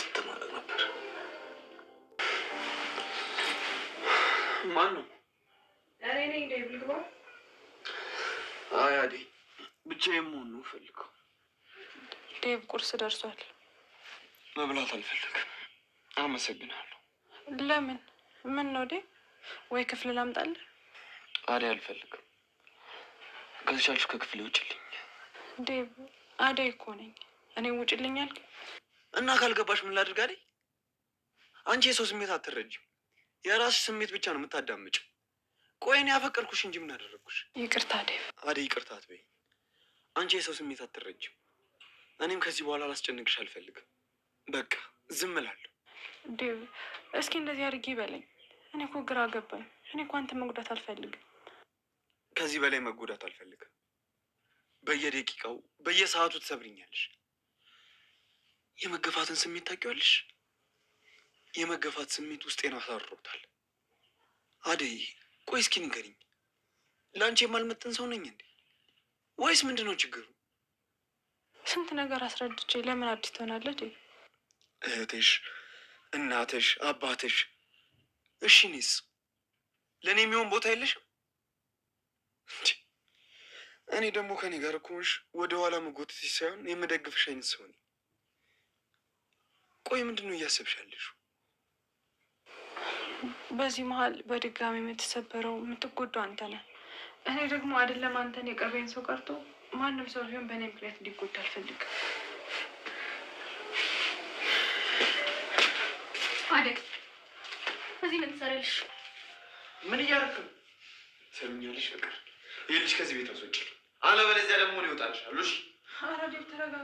ክትት ነበር። ማን ነው? አይ አዴ፣ ብቻዬን መሆን ነው ፈልገው። ዴቭ ቁርስ ደርሷል። መብላት አልፈልግም። አመሰግናለሁ። ለምን? ምን ነው ዴ? ወይ ክፍል ላምጣልህ? አዴ፣ አልፈልግም። ከዚቻልሽ ከክፍል ውጭልኝ። ዴቭ፣ አዴ እኮ ነኝ። እኔ ውጭልኛል እና ካልገባሽ ምን ላድርግ አንቺ የሰው ስሜት አትረጅም፣ የራስሽ ስሜት ብቻ ነው የምታዳምጭው። ቆይን ያፈቀርኩሽ እንጂ ምን አደረግኩሽ? ይቅርታ ዴቭ። አይደል ይቅርታ አትበይ። አንቺ የሰው ስሜት አትረጅም። እኔም ከዚህ በኋላ ላስጨንቅሽ አልፈልግም። በቃ ዝም እላለሁ። ዴቭ እስኪ እንደዚህ አድርጌ በለኝ። እኔ እኮ ግራ ገባኝ። እኔ እኮ አንተ መጉዳት አልፈልግም። ከዚህ በላይ መጎዳት አልፈልግም። በየደቂቃው በየሰዓቱ ትሰብሪኛለሽ። የመገፋትን ስሜት ታውቂዋለሽ? የመገፋት ስሜት ውስጤን አሳርሮታል። አደይ ቆይ እስኪ ንገሪኝ፣ ለአንቺ የማልመጥን ሰው ነኝ እንዴ? ወይስ ምንድን ነው ችግሩ? ስንት ነገር አስረድቼ ለምን አዲስ ትሆናለች? እህትሽ፣ እናትሽ፣ አባትሽ። እሺ እኔስ ለእኔ የሚሆን ቦታ የለሽም? እኔ ደግሞ ከኔ ጋር እኮ ወደ ኋላ መጎተትሽ ሳይሆን የምደግፍሽ አይነት ሰው ነኝ። ቆይ ምንድን ነው እያሰብሻለሽ? በዚህ መሀል በድጋሚ የምትሰበረው የምትጎዳው አንተ ነህ። እኔ ደግሞ አይደለም አንተን የቀረኝ ሰው ቀርቶ ማንም ሰው ቢሆን በእኔ ምክንያት እንዲጎዳ አልፈልግም። አደግ በዚህ ምን ትሰሪያለሽ? ምን እያደረክ ነው? ትሰሚኛለሽ? ፍቅር ይኸውልሽ፣ ከዚህ ቤት አስወጪኝ፣ አለበለዚያ ደግሞ እኔ እወጣልሻለሁ። እሺ? ኧረ ተረጋጋ።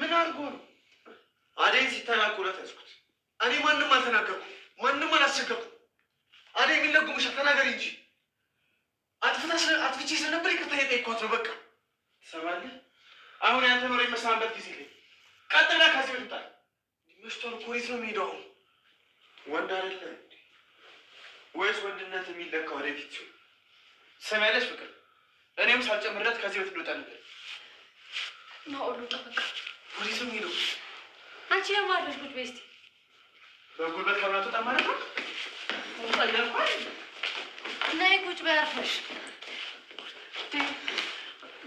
ምን አድርጎ ነው አደይ ሲተናኮላት ያዝኩት። እኔ ማንም አልተናገርኩም፣ ማንም አላስቸገርኩም። አደይ ግን ለጉምሻል? ተናገሪ እንጂ አጥፍቼ ስለነበር ይቅርታ የጠየኳት ነው። በቃ ትሰማለህ? አሁን ያንተ ኖረ የመሰናበት ጊዜ ላይ ቀጥላ ከዚህ ወጥታ መሽቷል። ኮሪት ነው የሚሄደው። አሁን ወንድ አይደለ ወይስ ወንድነት የሚለካው ወደፊት ሲሆን ሰሚያለች ፍቅር እኔም ሳልጨምርለት ከዚህ በፊት ልወጣ ነበር። ናኦሉ ጠበቃ ነው ሄደው አንቺ ለማድረግ ጉድ ቤስቲ በጉልበት ከብራቱ ማለት ነው። ነይ ቁጭ በያርፈሽ።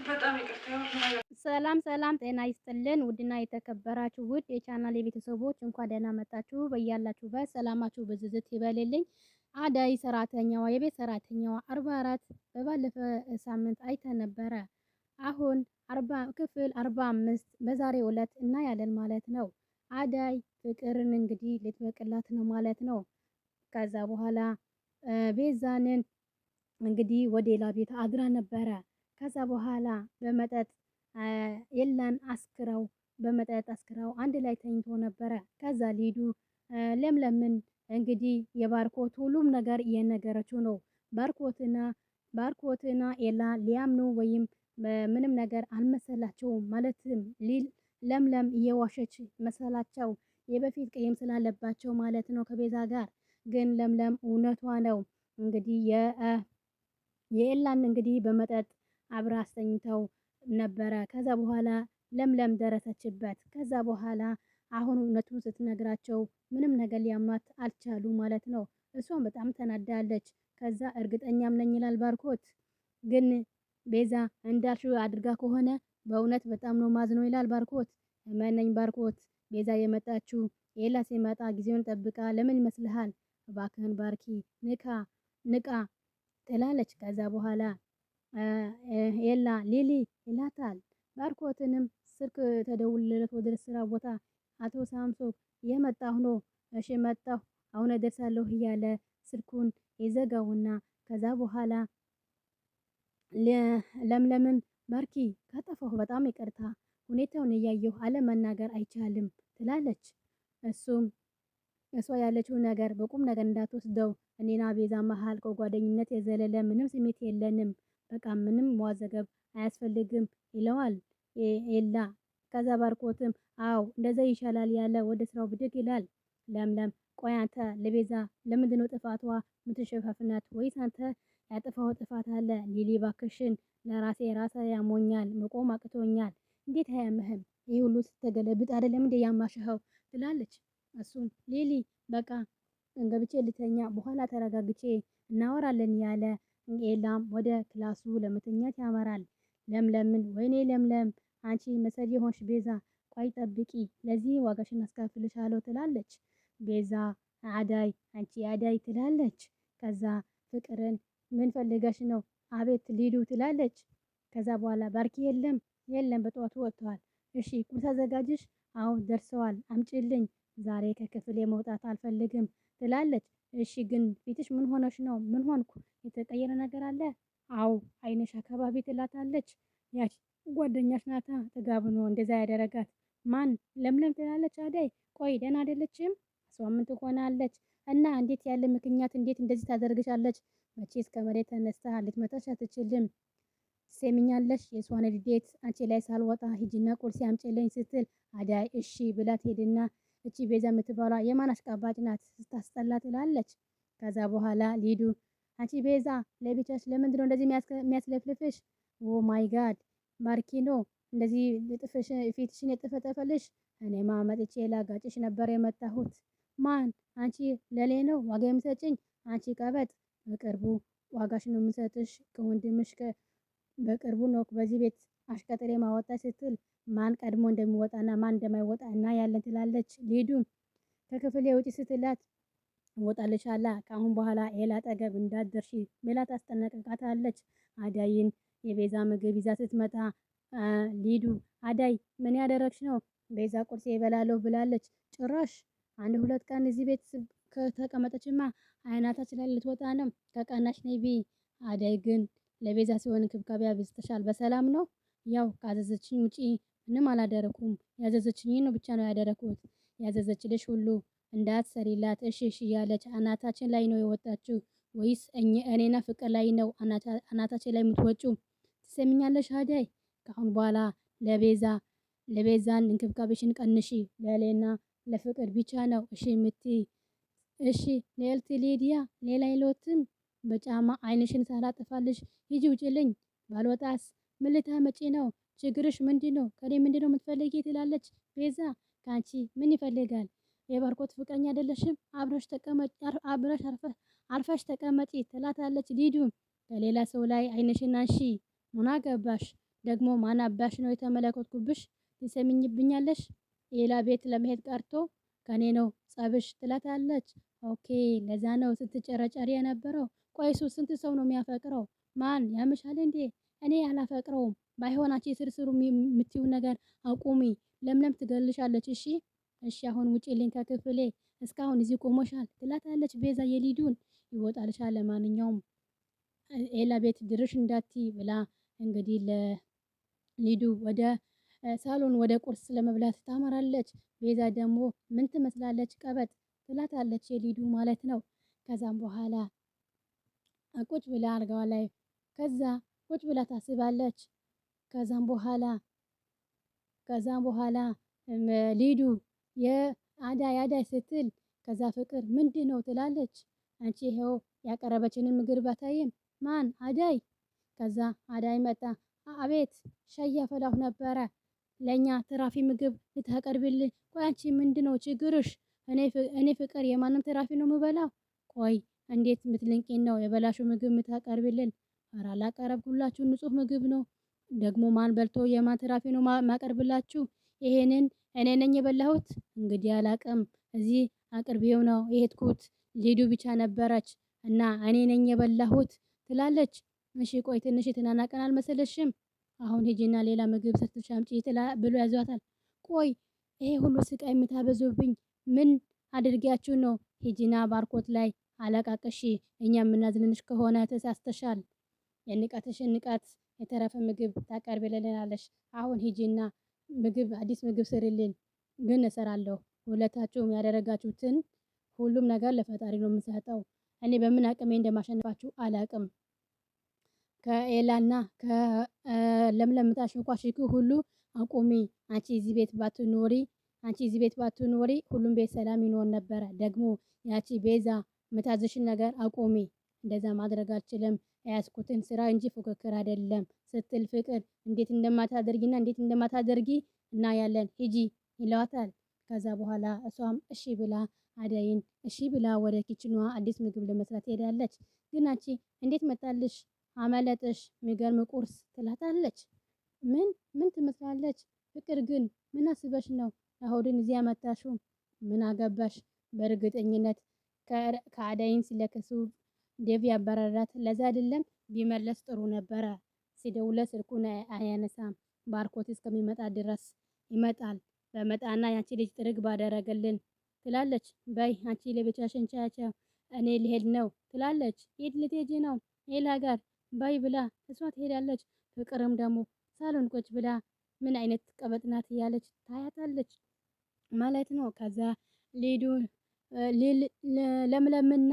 በጣም ይቅርታ። ሰላም ሰላም፣ ጤና ይስጥልን ውድና የተከበራችሁ ውድ የቻናል የቤተሰቦች እንኳን ደህና መጣችሁ። በያላችሁበት ሰላማችሁ ብዝዝት ይበልልኝ። አዳይ ሰራተኛዋ የቤት ሰራተኛዋ አርባ አራት በባለፈ ሳምንት አይተን ነበረ። አሁን ክፍል አርባ አምስት በዛሬው ዕለት እናያለን ማለት ነው። አዳይ ፍቅርን እንግዲህ ልትበቅላት ነው ማለት ነው። ከዛ በኋላ ቤዛንን እንግዲህ ወደ ሌላ ቤት አድራ ነበረ። ከዛ በኋላ በመጠጥ የላን አስክረው በመጠጥ አስክረው አንድ ላይ ተኝቶ ነበረ። ከዛ ሊዱ ለምለምን እንግዲህ የባርኮት ሁሉም ነገር እየነገረችው ነው። ባርኮትና ባርኮትና ኤላ ሊያምኑ ወይም ምንም ነገር አልመሰላቸውም ማለትም ሊል ለምለም እየዋሸች መሰላቸው። የበፊት ቅይም ስላለባቸው ማለት ነው ከቤዛ ጋር። ግን ለምለም እውነቷ ነው እንግዲህ የኤላን እንግዲህ በመጠጥ አብራ አስተኝተው ነበረ። ከዛ በኋላ ለምለም ደረሰችበት። ከዛ በኋላ አሁን እውነቱን ስትነግራቸው ምንም ነገር ሊያምኗት አልቻሉ ማለት ነው። እሷም በጣም ተናዳለች። ከዛ እርግጠኛም ነኝ ይላል ባርኮት። ግን ቤዛ እንዳልሽው አድርጋ ከሆነ በእውነት በጣም ነው ማዝነው ይላል ባርኮት። መነኝ ባርኮት፣ ቤዛ የመጣችው ኤላ ሲመጣ ጊዜውን ጠብቃ ለምን ይመስልሃል? እባክህን ባርኪ ንቃ ንቃ ትላለች። ከዛ በኋላ ኤላ ሊሊ ይላታል። ባርኮትንም ስልክ ተደውልለት ወደ ስራ ቦታ አቶ ሳምሶ የመጣሁ ነው። እሺ መጣሁ አሁን እደርሳለሁ እያለ ስልኩን ይዘጋውና ከዛ በኋላ ለምለምን ማርኪ ካጠፋሁ በጣም ይቅርታ፣ ሁኔታውን እያየሁ አለመናገር አይቻልም ትላለች። እሱም እሷ ያለችው ነገር በቁም ነገር እንዳትወስደው፣ እኔና ቤዛ መሀል ከጓደኝነት የዘለለ ምንም ስሜት የለንም፣ በቃ ምንም መዋዘገብ አያስፈልግም ይለዋል ኤላ። ከዛ ባርኮትም አው እንደዛ ይሻላል ያለ ወደ ስራው ብድግ ይላል። ለምለም ቆይ አንተ ለቤዛ ለምንድነው ጥፋቷ ምትሸፋፍናት ወይስ አንተ ያጠፋው ጥፋት አለ። ሊሊ ባክሽን፣ ለራሴ ራሴ ያሞኛል፣ መቆም አቅቶኛል። እንዴት አያምህም? ይህ ሁሉ ስትገለብጥ አይደለም እንዴ ያማሽኸው? ትላለች። እሱም ሊሊ በቃ ገብቼ ልተኛ፣ በኋላ ተረጋግቼ እናወራለን ያለ ኤላም ወደ ክላሱ ለመተኛት ያመራል። ለምለምን ወይኔ ለምለም፣ አንቺ መሰሪ የሆንሽ ቤዛ፣ ቆይ ጠብቂ፣ ለዚህ ዋጋሽን አስከፍልሻለሁ ትላለች። ቤዛ አዳይ፣ አንቺ አዳይ ትላለች። ከዛ ፍቅርን ምን ፈልገሽ ነው? አቤት ሊዱ ትላለች። ከዛ በኋላ ባርኪ የለም የለም በጠዋቱ ወጥተዋል። እሺ ቁም ተዘጋጅሽ? አዎ ደርሰዋል፣ አምጪልኝ። ዛሬ ከክፍል የመውጣት አልፈልግም ትላለች። እሺ ግን ፊትሽ ምን ሆነሽ ነው? ምን ሆንኩ? የተቀየረ ነገር አለ? አዎ አይነሽ አካባቢ ትላታለች። ያች ጓደኛሽ ናታ ጥጋቡ ነው እንደዛ ያደረጋት። ማን? ለምለም ትላለች አደይ። ቆይ ደህና አይደለችም? እሷ ምን ትሆናለች? እና እንዴት ያለ ምክንያት እንዴት እንደዚህ ታደርግሻለች? መቼስ ከመሬት ተነስተህ ልትመታሽ አትችልም። ሰሚኛለሽ የሷን ልዴት አንቺ ላይ ሳልወጣ ሂጂና ቁርስ አምጪልኝ ስትል አዳይ እሺ ብላ ትሄድና እቺ ቤዛ የምትባሏ የማን አሽቃባጭ ናት ስታስጠላ ትላለች። ከዛ በኋላ ሊዱ አንቺ ቤዛ ለብቻሽ ለምንድን ነው እንደዚህ የሚያስለፍልፍሽ? ኦ ማይ ጋድ ማርኪኖ እንደዚህ ጥፍሽ ፊትሽን የጠፈጠፈልሽ እኔማ መጥቼ ላጋጭሽ ነበር የመጣሁት። ማን አንቺ ለሌ ነው ዋጋ የምሰጭኝ አንቺ ቀበጥ በቅርቡ ዋጋሽ ነው የምሰጥሽ ከወንድምሽ በቅርቡ ነው በዚህ ቤት አሽቀጥሬ ማወጣሽ ስትል ማን ቀድሞ እንደሚወጣና ማን እንደማይወጣ ያለን ትላለች። ሊዱ ከክፍሌ ውጪ ስትላት አላ ከአሁን በኋላ ኤላ አጠገብ እንዳትደርሺ ብላ ታስጠነቅቃታለች። አዳይን የቤዛ ምግብ ይዛ ስትመጣ ሊዱ አዳይ ምን ያደረግሽ ነው? ቤዛ ቁርስ ይበላለሁ ብላለች። ጭራሽ አንድ ሁለት ቀን እዚህ ቤት ከተቀመጠችማ አይናታች ላይ ልትወጣ ነው። ከቀናሽ ነይ አደይ ግን ለቤዛ ሲሆን እንክብካቤ አብዝተሻል። በሰላም ነው? ያው ካዘዘችኝ ውጪ ምንም አላደረኩም። ያዘዘችኝ ነው ብቻ ነው ያደረኩት። ያዘዘችልሽ ሁሉ እንዳትሰሪላት እሺ እሺ እያለች አናታችን ላይ ነው የወጣችው ወይስ እኔና ፍቅር ላይ ነው አናታችን ላይ የምትወጩ ትሰሚኛለሽ አደይ፣ ከአሁን በኋላ ለቤዛ ለቤዛን እንክብካቤሽን ቀንሺ። ለሌና ለፍቅር ብቻ ነው እሺ የምትይ እሺ ልዕልት ሊዲያ ሌላ ይሎትም በጫማ አይንሽን ሳላጠፋልሽ ሂጂ ውጭልኝ። ባልወጣስ ምን ልታመጪ ነው? ችግርሽ ምንድን ነው? ከኔ ምንድን ነው የምትፈልጊ? ትላለች ቤዛ። ከአንቺ ምን ይፈልጋል? የባርኮት ፍቅረኛ አይደለሽም? አብረሽ ተቀመጭ፣ አብረሽ አርፈሽ ተቀመጪ ትላታለች ሊዱ። ከሌላ ሰው ላይ አይንሽን አንሺ፣ ምን አገባሽ ደግሞ? ማን አባሽ ነው የተመለከትኩብሽ? ትሰሚኝብኛለሽ? ሌላ ቤት ለመሄድ ቀርቶ ከኔ ነው ጸብሽ ትላታለች። ኦኬ ለዛ ነው ስትጨረጨሪ የነበረው። ቆይሱ ስንት ሰው ነው የሚያፈቅረው? ማን ያምሻል እንዴ? እኔ አላፈቅረውም። ባይሆናች ስርስሩ የምትይው ነገር አቁሚ። ለምለም ትገልሻለች። እሺ እሺ፣ አሁን ውጪልኝ ከክፍሌ እስካሁን እዚህ ቆሞሻል ትላታለች። ቤዛ የሊዱን ይወጣልሻል። ለማንኛውም ኤላ ቤት ድርሽ እንዳትይ ብላ እንግዲህ ለሊዱ ወደ ሳሎን ወደ ቁርስ ለመብላት ታመራለች። ቤዛ ደግሞ ምን ትመስላለች ቀበጥ ትላታለች የሊዱ ማለት ነው። ከዛም በኋላ ቁጭ ብላ አልጋዋ ላይ ከዛ ቁጭ ብላ ታስባለች። ከዛም በኋላ ከዛም በኋላ ሊዱ የአዳይ አዳይ ስትል ከዛ ፍቅር ምንድን ነው ትላለች። አንቺ ይኸው ያቀረበችንን ምግብ ባታይም ማን አዳይ? ከዛ አዳይ መጣ። አቤት ሻይ አፈላሁ ነበረ ለእኛ ትራፊ ምግብ ልታቀርቢልን? ቆይ አንቺ ምንድነው ችግርሽ? እኔ ፍቅር የማንም ትራፊ ነው የምበላው? ቆይ እንዴት ምትልንቂን ነው የበላሹ ምግብ የምታቀርብልን ኧረ አላቀረብኩላችሁ ንጹህ ምግብ ነው። ደግሞ ማን በልቶ የማን ትራፊ ነው ማቀርብላችሁ? ይሄንን እኔ ነኝ የበላሁት? እንግዲህ አላቅም። እዚህ አቅርቤው ነው የሄድኩት። ሊዱ ብቻ ነበረች እና እኔ ነኝ የበላሁት ትላለች። እሺ ቆይ ትንሽ የተናናቀን አልመሰለሽም? አሁን ሂጂና ሌላ ምግብ ሰርተሽ አምጪ ብሎ ያዟታል። ቆይ ይሄ ሁሉ ስቃይ የምታበዙብኝ ምን አድርጊያችሁ ነው? ሂጂና ባርኮት ላይ አለቃቀሺ እኛ የምናዝንንሽ ከሆነ ተሳስተሻል። የንቀትሽን ንቀት የተረፈ ምግብ ታቀርቢልናለሽ። አሁን ሂጂና ምግብ አዲስ ምግብ ስሪልን። ግን እሰራለሁ። ሁለታችሁም ያደረጋችሁትን ሁሉም ነገር ለፈጣሪ ነው የምሰጠው። እኔ በምን አቅሜ እንደማሸነፋችሁ አላቅም። ከኤላና ከለምለም የምታሽንኳሽኩ ሁሉ አቁሚ፣ አንቺ እዚህ ቤት ባትኖሪ አንቺ እዚህ ቤት ባትኖሪ ሁሉም ቤት ሰላም ይኖር ነበረ። ደግሞ ያቺ ቤዛ የምታዝሽን ነገር አቁሚ፣ እንደዛ ማድረግ አልችልም፣ ያስኩትን ስራ እንጂ ፉክክር አይደለም ስትል ፍቅር እንዴት እንደማታደርጊና እንዴት እንደማታደርጊ እናያለን፣ ሂጂ ይለዋታል። ከዛ በኋላ እሷም እሺ ብላ አደይን እሺ ብላ ወደ ኪችኗ አዲስ ምግብ ለመስራት ትሄዳለች። ግን አንቺ እንዴት መጣልሽ አመለጥሽ የሚገርም ቁርስ ትላታለች። ምን ምን ትመስላለች ፍቅር ግን ምን አስበሽ ነው ናሆድን እዚህ መታሽው? ምን አገባሽ? በእርግጠኝነት ከአዳይን ስለከሱ ዴቭ ያባረራት ለዛ አይደለም። ቢመለስ ጥሩ ነበረ። ሲደውለት ስልኩን አያነሳም። ባርኮት እስከሚመጣ ድረስ ይመጣል። በመጣና ያቺ ልጅ ጥርግ ባደረገልን ትላለች። በይ አንቺ ለቤቻሽን ቻቻ እኔ ልሄድ ነው ትላለች። ሄድ ልትሄጂ ነው ሌላ ጋር ባይ ብላ እሷ ትሄዳለች። ፍቅርም ደግሞ ሳሎን ቁጭ ብላ ምን አይነት ቀበጥ ናት እያለች ታያታለች ማለት ነው። ከዛ ሊዱ ለምለምና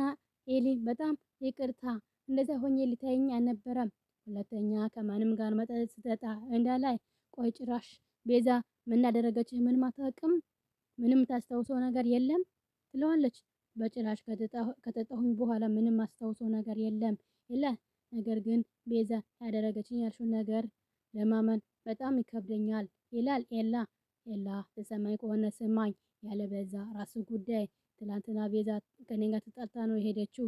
ኤሊ በጣም ይቅርታ እንደዚያ ሆኜ ልታየኝ አልነበረም። ሁለተኛ ከማንም ጋር መጠጥ ስጠጣ እንዳላይ። ቆይ ጭራሽ ቤዛ ምናደረገች ምን ማታውቅም? ምንም ታስታውሰው ነገር የለም ትለዋለች። በጭራሽ ከጠጣሁኝ በኋላ ምንም አስታውሰው ነገር የለም ይላል። ነገር ግን ቤዛ ያደረገችኝ ያልሽው ነገር ለማመን በጣም ይከብደኛል ይላል ኤላ። ኤላ ተሰማኝ ከሆነ ስማኝ፣ ያለ በዛ ራሱ ጉዳይ። ትላንትና ቤዛ ከኔ ጋር ተጣልታ ነው የሄደችው።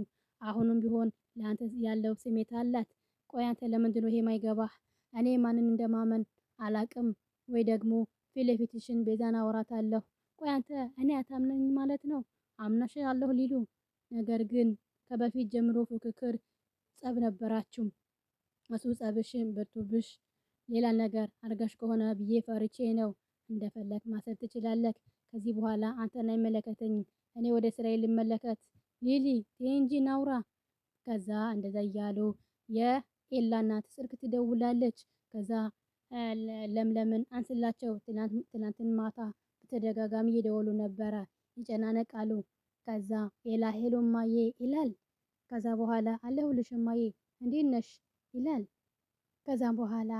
አሁንም ቢሆን ለአንተ ያለው ስሜት አላት። ቆይ አንተ ለምንድን ነው ይሄ ማይገባህ? እኔ ማንን እንደማመን አላቅም። ወይ ደግሞ ፊት ለፊትሽን ቤዛን አወራታለሁ። ቆይ አንተ እኔ አታምነኝ ማለት ነው? አምናሽ አለሁ ሊሉ ነገር ግን ከበፊት ጀምሮ ፉክክር ጸብ ነበራችሁ። እሱ ጸብሽን ብርቱብሽ ሌላ ነገር አድርጋሽ ከሆነ ብዬ ፈርቼ ነው። እንደፈለክ ማሰብ ትችላለህ። ከዚህ በኋላ አንተን አይመለከተኝም። እኔ ወደ ስራዬ ልመለከት። ሊሊ ቴንጂ ናውራ። ከዛ እንደዛ እያሉ የኤላ እናት ስልክ ትደውላለች። ከዛ ለምለምን አንስላቸው። ትናንትን ማታ በተደጋጋሚ እየደወሉ ነበረ፣ ይጨናነቃሉ። ከዛ ኤላ ሄሎማዬ ይላል። ከዛ በኋላ አለሁልሽ እማዬ እንዴት ነሽ ይላል። ከዛም በኋላ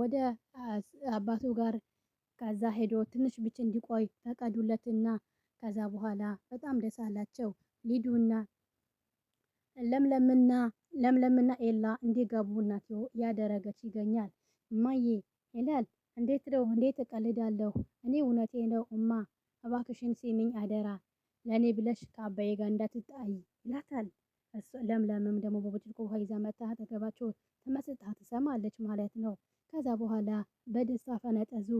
ወደ አባቱ ጋር ከዛ ሄዶ ትንሽ ብቻ እንዲቆይ ፈቀዱለትና ከዛ በኋላ በጣም ደስ አላቸው። ሊዱና ለምለምና ለምለምና ኤላ እንዲገቡ እናትዮ ያደረገች ይገኛል። እማዬ ይላል። እንዴት ነው እንዴት እቀልዳለሁ እኔ እውነቴ ነው እማ፣ እባክሽን ሲሚኝ አደራ ለእኔ ብለሽ ከአባዬ ጋር እንዳትጣይ ይላታል። ለምለምም ደግሞ በብርጭቆ ውሃ ይዛ መታ አጠገባቸው ተመስጣ ትሰማለች ማለት ነው። ከዛ በኋላ በደስታ ፈነጠዙ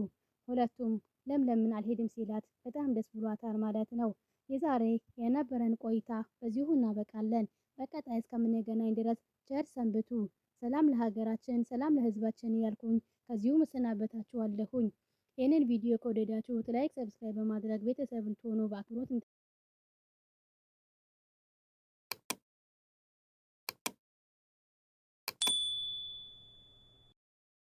ሁለቱም። ለምለምን አልሄድም ሲላት በጣም ደስ ብሏታል ማለት ነው። የዛሬ የነበረን ቆይታ በዚሁ እናበቃለን። በቀጣይ እስከምንገናኝ ድረስ ቸር ሰንብቱ። ሰላም ለሀገራችን፣ ሰላም ለህዝባችን እያልኩኝ ከዚሁ መሰናበታችኋለሁኝ። ይህንን ቪዲዮ ከወደዳችሁት ላይክ፣ ሰብስክራይብ በማድረግ ቤተሰብ እንድትሆኑ በአክብሮት